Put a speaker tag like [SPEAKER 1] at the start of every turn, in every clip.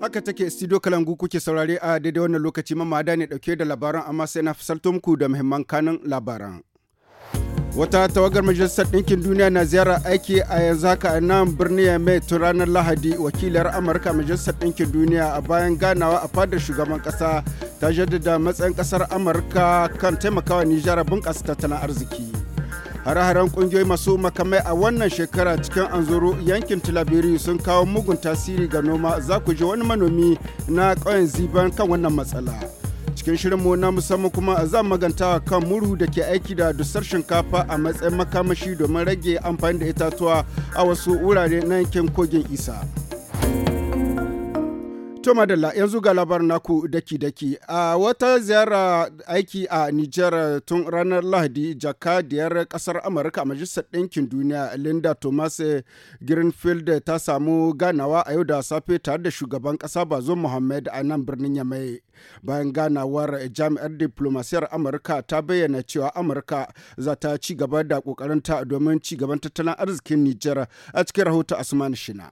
[SPEAKER 1] haka take studio kalangu kuke saurare a daidai wannan lokaci mamada ne dauke da labaran amma sai na fasalto muku da muhimman kanin labaran wata tawagar majalisar ɗinkin duniya na ziyarar aiki a yanzu haka a nan birnin mai tun ranar lahadi wakilar amurka majalisar ɗinkin duniya a bayan ganawa a fadar shugaban ƙasa ta jaddada matsayin ƙasar amurka kan taimakawa nijar bunƙasa tattalin arziki Hare-haren ƙungiyoyi masu makamai a wannan shekara cikin anzuru yankin Tilabiri sun kawo mugun tasiri ga noma za ku ji wani manomi na ƙauyen Ziban kan wannan matsala. cikin shirinmu na musamman kuma za maganta kan muru da ke aiki da dusar shinkafa a matsayin makamashi domin rage amfani da itatuwa a wasu wurare na yankin kogin isa. To madalla yanzu ga labar naku daki-daki a wata ziyara aiki a Nijar tun ranar Lahadi jakadiyar kasar Amurka a Majalisar Ɗinkin Duniya Linda Thomas Greenfield ta samu ganawa a yau da safe tare da shugaban kasar bazo Mohammed a nan birnin Yamai. Bayan ganawar jami'ar diplomasiyar Amurka ta bayyana cewa Amurka za ta ci gaba da kokarinta domin ci gaban tattalin arzikin Nijar a cikin rahoton Asman Shina.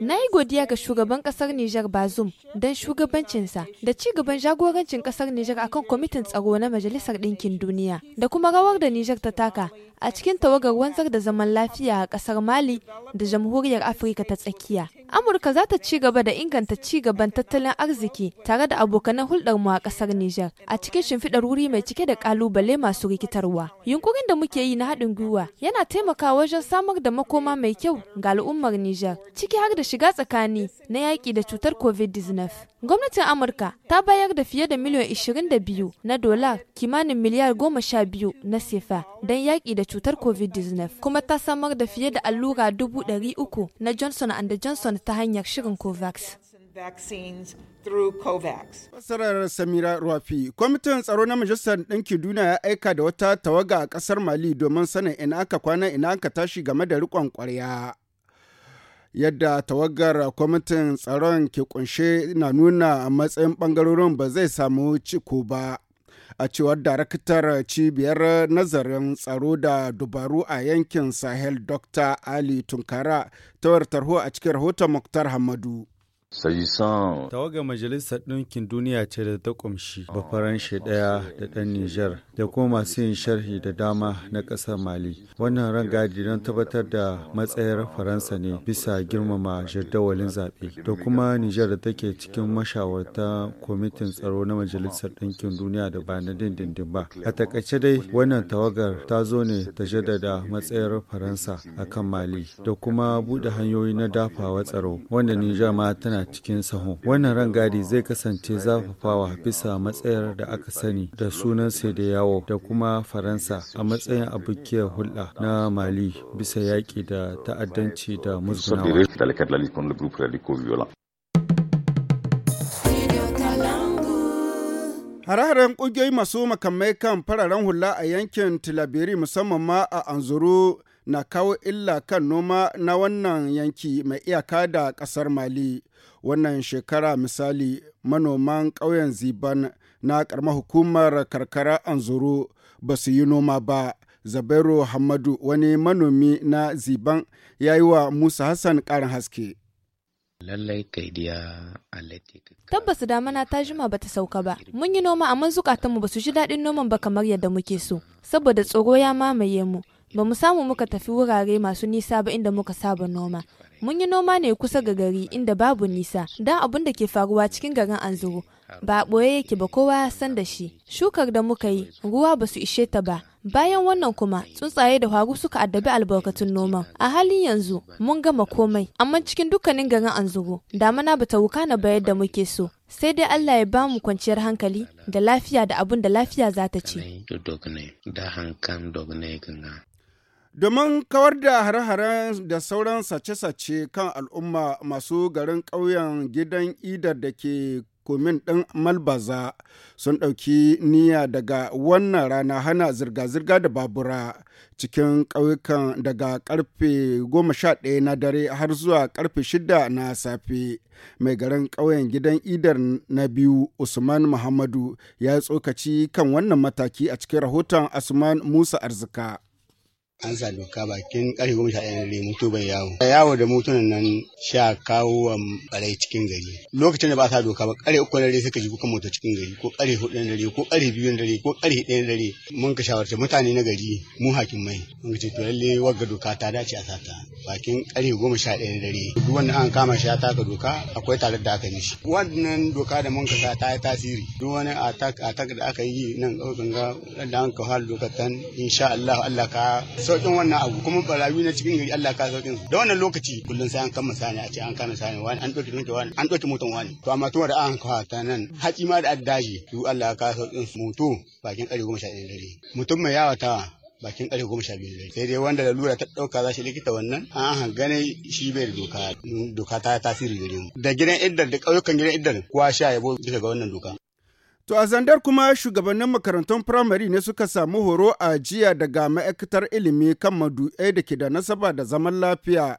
[SPEAKER 2] Na yi godiya ga shugaban kasar Nijar Bazoum don shugabancinsa da ci gaban jagorancin kasar Nijar akan kwamitin tsaro na Majalisar Ɗinkin Duniya da kuma rawar da Nijar ta taka a cikin tawagar wanzar da zaman lafiya a kasar Mali da Jamhuriyar Afirka ta tsakiya. Amurka za ta ci gaba da inganta ci gaban tattalin arziki tare da abokanan hulɗar mu a kasar Nijar a cikin shimfiɗar wuri mai cike da ƙalubale masu rikitarwa. Yunkurin da muke yi na haɗin gwiwa yana taimakawa wajen samar da makoma mai kyau ga al'ummar Nijar, ciki har da shiga tsakani na yaƙi da cutar COVID-19. Gwamnatin Amurka ta bayar da fiye da miliyan 22 na dola kimanin miliyar 12 na sefa don yaƙi da cutar COVID-19, kuma ta samar da fiye da allura 300 na Johnson and Johnson ta hanyar shirin COVAX.
[SPEAKER 1] Fasarar Samira Rafi, kwamitin tsaro na Majalisar Ɗinki Duniya ya aika da wata tawaga a ƙasar Mali domin sanin ina aka kwana ina aka tashi game da riƙon ƙwarya. yadda tawagar kwamitin tsaron ke kunshe na nuna a matsayin bangarorin ba zai samu ciko ba a cewar daraktar cibiyar nazarin tsaro da dubaru a yankin sahel dr ali tunkara ta tarho a cikin rahoton muktar hamadu
[SPEAKER 3] Tawagar
[SPEAKER 1] Majalisar Ɗinkin Duniya ce da ta ƙumshi faranshe ɗaya da ɗan Nijar da kuma masu yin sharhi da dama na ƙasar Mali. Wannan rangadi don tabbatar da matsayar Faransa ne bisa girmama jadawalin zaɓe da kuma Nijar da take cikin mashawarta kwamitin tsaro na Majalisar Ɗinkin Duniya da ba na dindindin ba. A takaice dai wannan tawagar ta zo ne ta jaddada matsayar Faransa akan Mali da kuma buɗe hanyoyi na dafawa tsaro wanda Nijar ma tana yana cikin saho. Wannan rangadi zai kasance zafafawa bisa matsayar da aka sani da sunan yawo da kuma Faransa a matsayin abokiyar hulɗa na Mali bisa yaƙi da ta'addanci da musgunawa. Hare-haren ƙungiyoyi masu makamai kan fararen hula a yankin Tilabiri musamman ma a Anzuru na kawo illa kan noma na wannan yanki mai iyaka da ƙasar Mali. Wannan shekara misali manoman ƙauyen Ziban na ƙaramar hukumar karkara Anzuru ba su yi noma ba. Zabairu Hamadu wani manomi na Ziban ya yi wa Musa Hassan ƙarin haske.
[SPEAKER 3] lallai kaidiya
[SPEAKER 2] atletic tabbas damana ta jima ba ta sauka ba mun yi noma amma zukatanmu su ji daɗin noman ba kamar yadda muke so saboda tsoro ya mamaye mu Ba mu samu muka tafi wurare masu nisa ba inda muka saba noma. Mun yi noma ne kusa ga gari inda babu nisa, don abin da ke faruwa cikin garin Anzuru. Ba a ɓoye yake ba kowa ya san da shi. Shukar da muka yi, ruwa ba su ishe ta ba. Bayan wannan kuma, tsuntsaye da faru suka addabi albarkatun noman. A halin yanzu, mun gama komai, amma cikin dukkanin garin Anzuru, damana ba ta wuka na ba yadda muke so. sai dai Allah ya ba mu kwanciyar hankali da lafiya da abin da lafiya za ta ce.
[SPEAKER 1] Domin kawar da hare-haren da sauran sace-sace kan al'umma masu garin ƙauyen gidan idar da ke komin ɗin Malbaza sun ɗauki niyya daga wannan rana hana zirga-zirga da babura cikin ƙauyukan daga ƙarfe 11 na dare har zuwa ƙarfe 6 na safe. Mai garin ƙauyen gidan idar na biyu Usman Muhammadu ya tsokaci kan wannan
[SPEAKER 4] mataki a cikin rahoton Usman Musa Arzika. an sa doka bakin ƙarfe goma sha ɗaya ne mutu bai yawo yawo da mutunan nan sha kawo wa ɓarai cikin gari lokacin da ba sa doka ba ƙarfe uku na dare suka ji kukan mota cikin gari ko ƙarfe hudu na dare ko ƙarfe biyu na dare ko ƙarfe ɗaya na dare mun ka shawarta mutane na gari mu mai. mun ka ce to lalle wagga doka ta dace a sata bakin ƙarfe goma sha ɗaya na dare duk wanda an kama shi ya taka doka akwai tare da aka mishi wannan doka da mun ka sa ta yi tasiri duk wani attack da aka yi nan ɗaukan ga da an ka fara dokar tan insha Allah Allah ka sauƙin wannan abu kuma barawi na cikin gari Allah ka sauƙin da wannan lokaci kullun sai an kama sani a ce an kama sani wani an ɗauki tunke wani an ɗauki motan wani to amma tuwa da an kawo ta nan haƙi ma da addaji su Allah ka sauƙin su moto bakin ƙarfe goma sha ɗaya dare mutum mai yawatawa bakin ƙarfe goma sha biyu dare sai dai wanda lalura ta ɗauka za shi likita wannan an gane shi bai da doka doka ta tasiri gare mu da gidan iddar da ƙauyukan gidan iddar kowa sha yabo bisa ga wannan doka To a zandar kuma shugabannin makarantun
[SPEAKER 1] firamare ne suka samu horo a jiya daga ma'aikatar ilimi kan madu'ai da ke da nasaba da zaman lafiya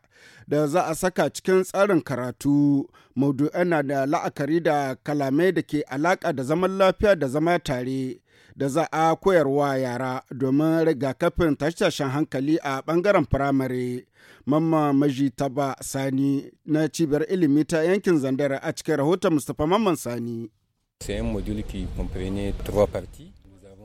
[SPEAKER 1] da za a saka cikin tsarin karatu. Madu'ai na da la'akari da kalamai da ke alaƙa da zaman lafiya da zama tare da za a koyarwa yara domin rigakafin tashe-tashen hankali a ɓangaren firamare. Mamma Maji Taba Sani na cibiyar ilimi ta yankin Zandar a cikin rahoton Mustapha Mamman Sani.
[SPEAKER 3] C'est un module qui comprenait trois parties.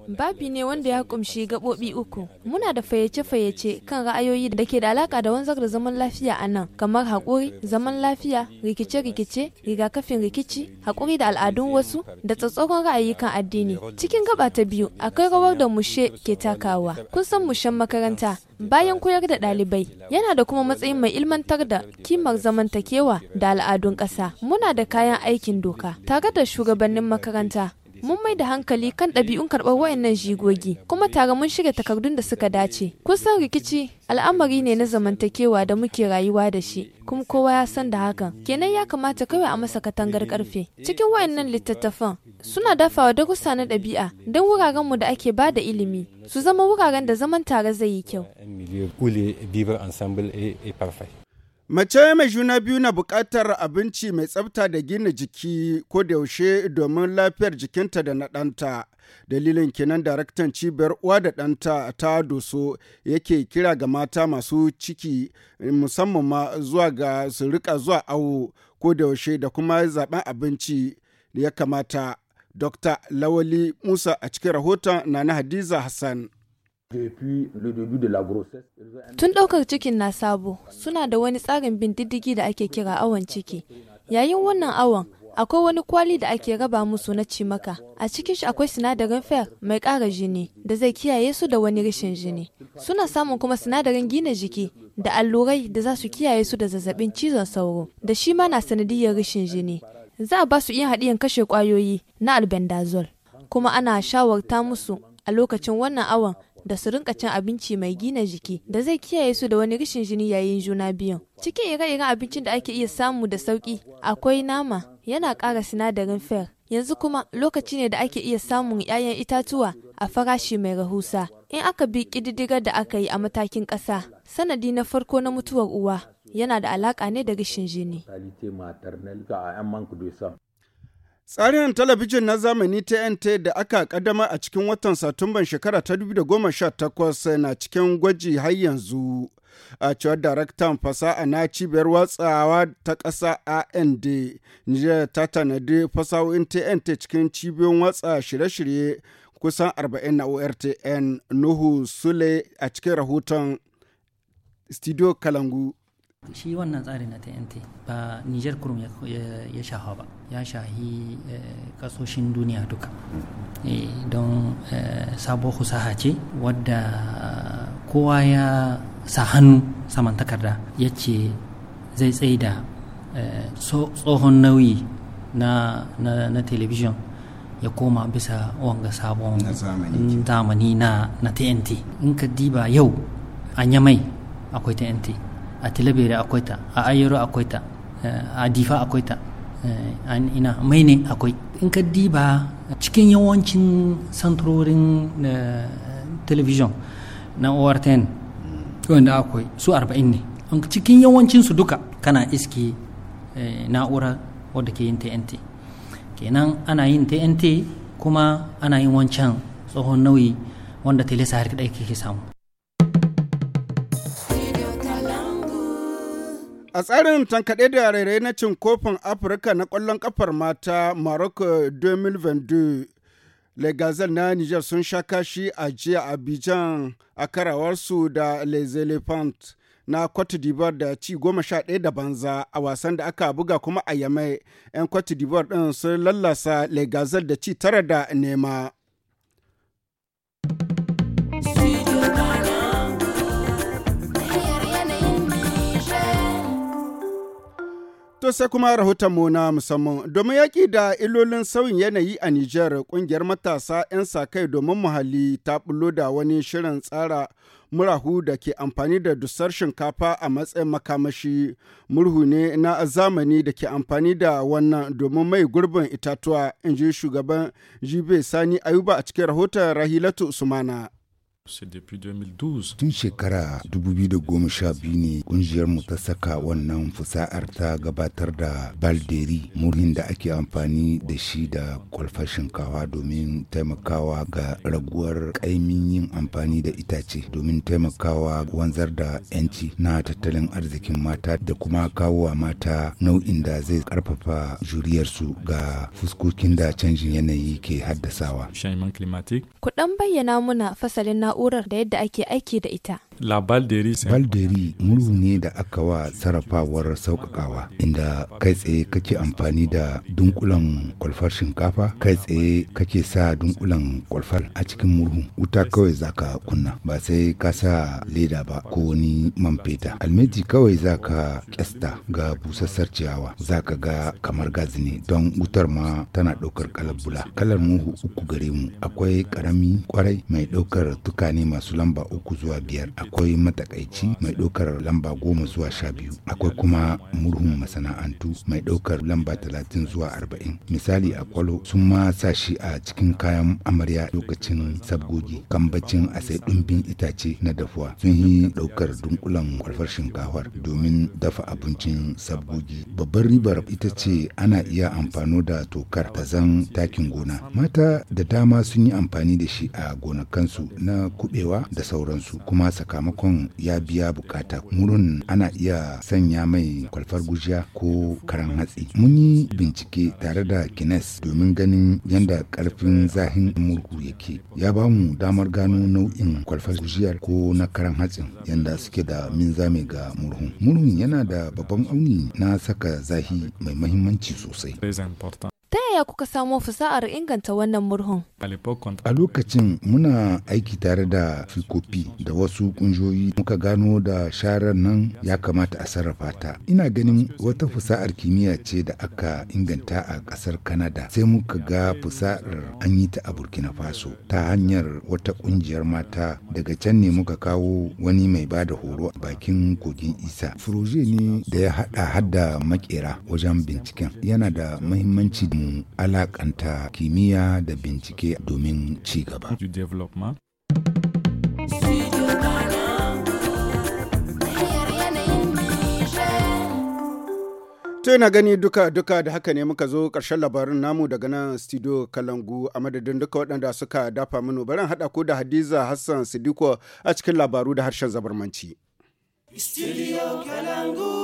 [SPEAKER 2] Babi ne wanda ya kumshi gaɓoɓi uku. Muna da fayace fayyace kan ra'ayoyi da ke da alaƙa da wanzar da zaman lafiya a nan, kamar haƙuri, zaman lafiya, rikice-rikice, rigakafin rikici, haƙuri da al'adun wasu, da tsatsauran ra'ayi kan addini. Cikin gaba ta biyu, akwai rawar da mushe ke takawa. Kun san mushen makaranta, bayan koyar da ɗalibai, yana da kuma matsayin mai ilmantar da kimar zamantakewa da al'adun ƙasa. Muna da kayan aikin doka, tare da shugabannin makaranta, mun mai da hankali kan ɗabi'un karɓar wayannan jigogi kuma tare mun shirya takardun da suka dace kusan rikici al'amari ne na zamantakewa da muke rayuwa da shi kuma kowa ya san da hakan kenan ya kamata kawai a masa katangar karfe cikin wayannan littattafan suna dafawa darussa na ɗabi'a don wuraren mu da ake ba da ilimi su zama wuraren da zaman tare zai yi kyau
[SPEAKER 1] Mace mai juna biyu na buƙatar abinci mai tsafta da gina jiki ko da yaushe domin lafiyar jikinta da na ɗanta. Dalilin kenan daraktan cibiyar uwa da ɗanta ta doso yake kira ga mata masu ciki musamman ma zuwa ga su rika zuwa awo ko da yaushe da kuma zaben abinci da ya kamata. Dr. Lawali Musa a cikin rahoton na na Hadiza Hassan.
[SPEAKER 2] Tun ɗaukar cikin na sabo suna da wani tsarin bin diddigi da ake kira awon ciki. Yayin wannan awon akwai wani kwali da ake raba musu na cimaka a cikin shi akwai sinadarin fer mai ƙara jini da zai kiyaye su da wani rashin jini suna samun kuma sinadarin gina jiki da allurai da za su kiyaye su da zazzabin cizon sauro da shi ma na sanadiyar rashin jini za a ba su iya haɗiyan kashe ƙwayoyi na albendazole kuma ana shawarta musu a lokacin wannan awon da su rinka cin abinci mai gina jiki da zai kiyaye su da wani rashin jini yayin juna biyun. Cikin ire-iren abincin da ake iya samu da sauki akwai nama yana ƙara sinadarin fer. Yanzu kuma lokaci ne da ake iya samun 'ya'yan itatuwa a farashi mai rahusa. In aka bi ƙididdigar da aka yi a matakin ƙasa, sanadi na farko na mutuwar uwa yana da alaƙa ne da rashin jini.
[SPEAKER 1] Tsarin talabijin na zamani TNT da aka kaddama a cikin watan Satumban shekara ta 2018 na cikin gwaji har yanzu. a cewar daraktan fasaha na cibiyar watsawa ta ƙasa and nijar ta tanadi fasahohin tnt cikin cibiyoyin watsa shirye-shirye kusan 40 na ortn nuhu sule a cikin rahoton studio
[SPEAKER 5] kalangu shi wannan tsari na TNT ba Niger kurum ya shaha ba ya shahi eh, kasoshin duniya duka eh, don eh, sabo husaha ce wadda kowa ya sa hannu saman takarda ya ce zai tsaye da tsohon nauyi na telebijin ya koma bisa wanga sabon zamani na tnt in ka diba yau an yamai akwai tnt a tilabere akwai ta a ayyaro akwai ta eh, a difa akwai ta eh, ina mai ne akwai in ka diba cikin yawancin santorin eh, television na orten wanda akwai su 40 ne cikin yawancin su duka kana iski na'ura wadda ke yin tnt kenan ana yin tnt kuma ana yin wancan tsohon nauyi wanda telesa harkar kadai ke samu A
[SPEAKER 1] tsarin tankaɗe da rairayi na cin kofin Afirka na ƙwallon ƙafar mata Morocco 2022 Legazel na Niger sun sha kashi a jiya a Abidjan a karawarsu da Les Elephants na Cote d'Ivoire da ci goma sha ɗaya da banza a wasan da aka buga kuma a Yamai 'yan Cote d'Ivoire ɗin sun lallasa Legazel da ci tara da nema. To sai kuma mu na musamman domin yaƙi da ilolin sauyin yanayi a Nijar ƙungiyar matasa 'yan sa-kai domin muhalli ta bullo da wani shirin tsara murahu da ke amfani da dusar shinkafa a matsayin makamashi murhu ne na zamani da ke amfani da wannan domin mai gurbin itatuwa in ji shugaban jibe sani ayuba a cikin rahoton rahilatu usmana
[SPEAKER 3] Tun shekara 2012 ne ƙungiyarmu ta saka wannan fusa'ar ta gabatar da balderi murhin da ake amfani da shi da kwalfar shinkawa domin taimakawa ga raguwar kaimin yin amfani da itace domin taimakawa wanzar da 'yanci na tattalin arzikin mata da kuma kawowa mata nau'in da zai karfafa juriyarsu ga fuskokin da canjin yanayi ke haddasawa.
[SPEAKER 2] Kuɗan bayyana muna fasalin na na'urar da yadda ake aiki da ita.
[SPEAKER 3] Labalderi Balderi murhu ne da aka wa sarrafawar sauƙaƙawa inda kai tsaye kake amfani da dunkulan kwalfar shinkafa kai tsaye kake sa dunkulan kwalfar a cikin murhu wuta kawai zaka kunna ba sai ka sa leda ba ko wani man feta almeji kawai zaka ƙyasta ga busassar ciyawa zaka ga kamar gazi ne don wutar ma tana ɗaukar kalabula kalar murhu uku gare mu akwai ƙarami kwarai mai ɗaukar tukane masu lamba uku zuwa biyar akwai matakaici mai ɗaukar lamba goma zuwa sha biyu akwai kuma murhun masana'antu mai ɗaukar lamba talatin zuwa arba'in misali a kwalo sun ma sa shi a cikin kayan amarya lokacin sabgogi kambacin a sai ɗumbin itace na dafuwa sun yi ɗaukar dunkulan kwalfar shinkafar domin dafa abincin sabgogi babbar ribar ita ce ana iya amfano da tokar ta zan takin gona mata da dama sun yi amfani da shi a gonakansu na kuɓewa da sauransu kuma saka sakamakon ya biya bukata murun ana iya sanya mai kwalfar gujiya ko karan hatsi mun yi bincike tare da kines domin ganin yadda karfin zahin murhu yake ya ba mu damar gano nau'in kwalfar gujiyar ko na karan hatsin yadda suke da minzame ga murhun murhun yana da babban auni na saka zahi mai mahimmanci sosai
[SPEAKER 2] yaya kuka samo fasahar inganta wannan murhun?
[SPEAKER 3] A lokacin muna aiki tare da fikofi da wasu kunjoyi muka gano da sharar nan ya kamata a sarrafa ta. Ina ganin wata fasa'ar kimiyya ce da aka inganta a ƙasar Kanada sai muka ga fasa'ar an yi ta a Burkina Faso ta hanyar wata ƙungiyar mata daga can ne muka kawo wani mai ba da horo a bakin kogin Isa. Furoje ne da ya haɗa hadda makera wajen binciken yana da mahimmanci mu alaƙanta alakanta kimiyya da bincike domin ci gaba.
[SPEAKER 1] To yana gani duka duka da haka ne muka zo karshen labarin namu daga nan studio Kalangu a madadin duka waɗanda suka dafa mino barin haɗa ko da Hadiza Hassan Sidiko a cikin labaru da harshen zabarmanci. Studio
[SPEAKER 2] Kalangu.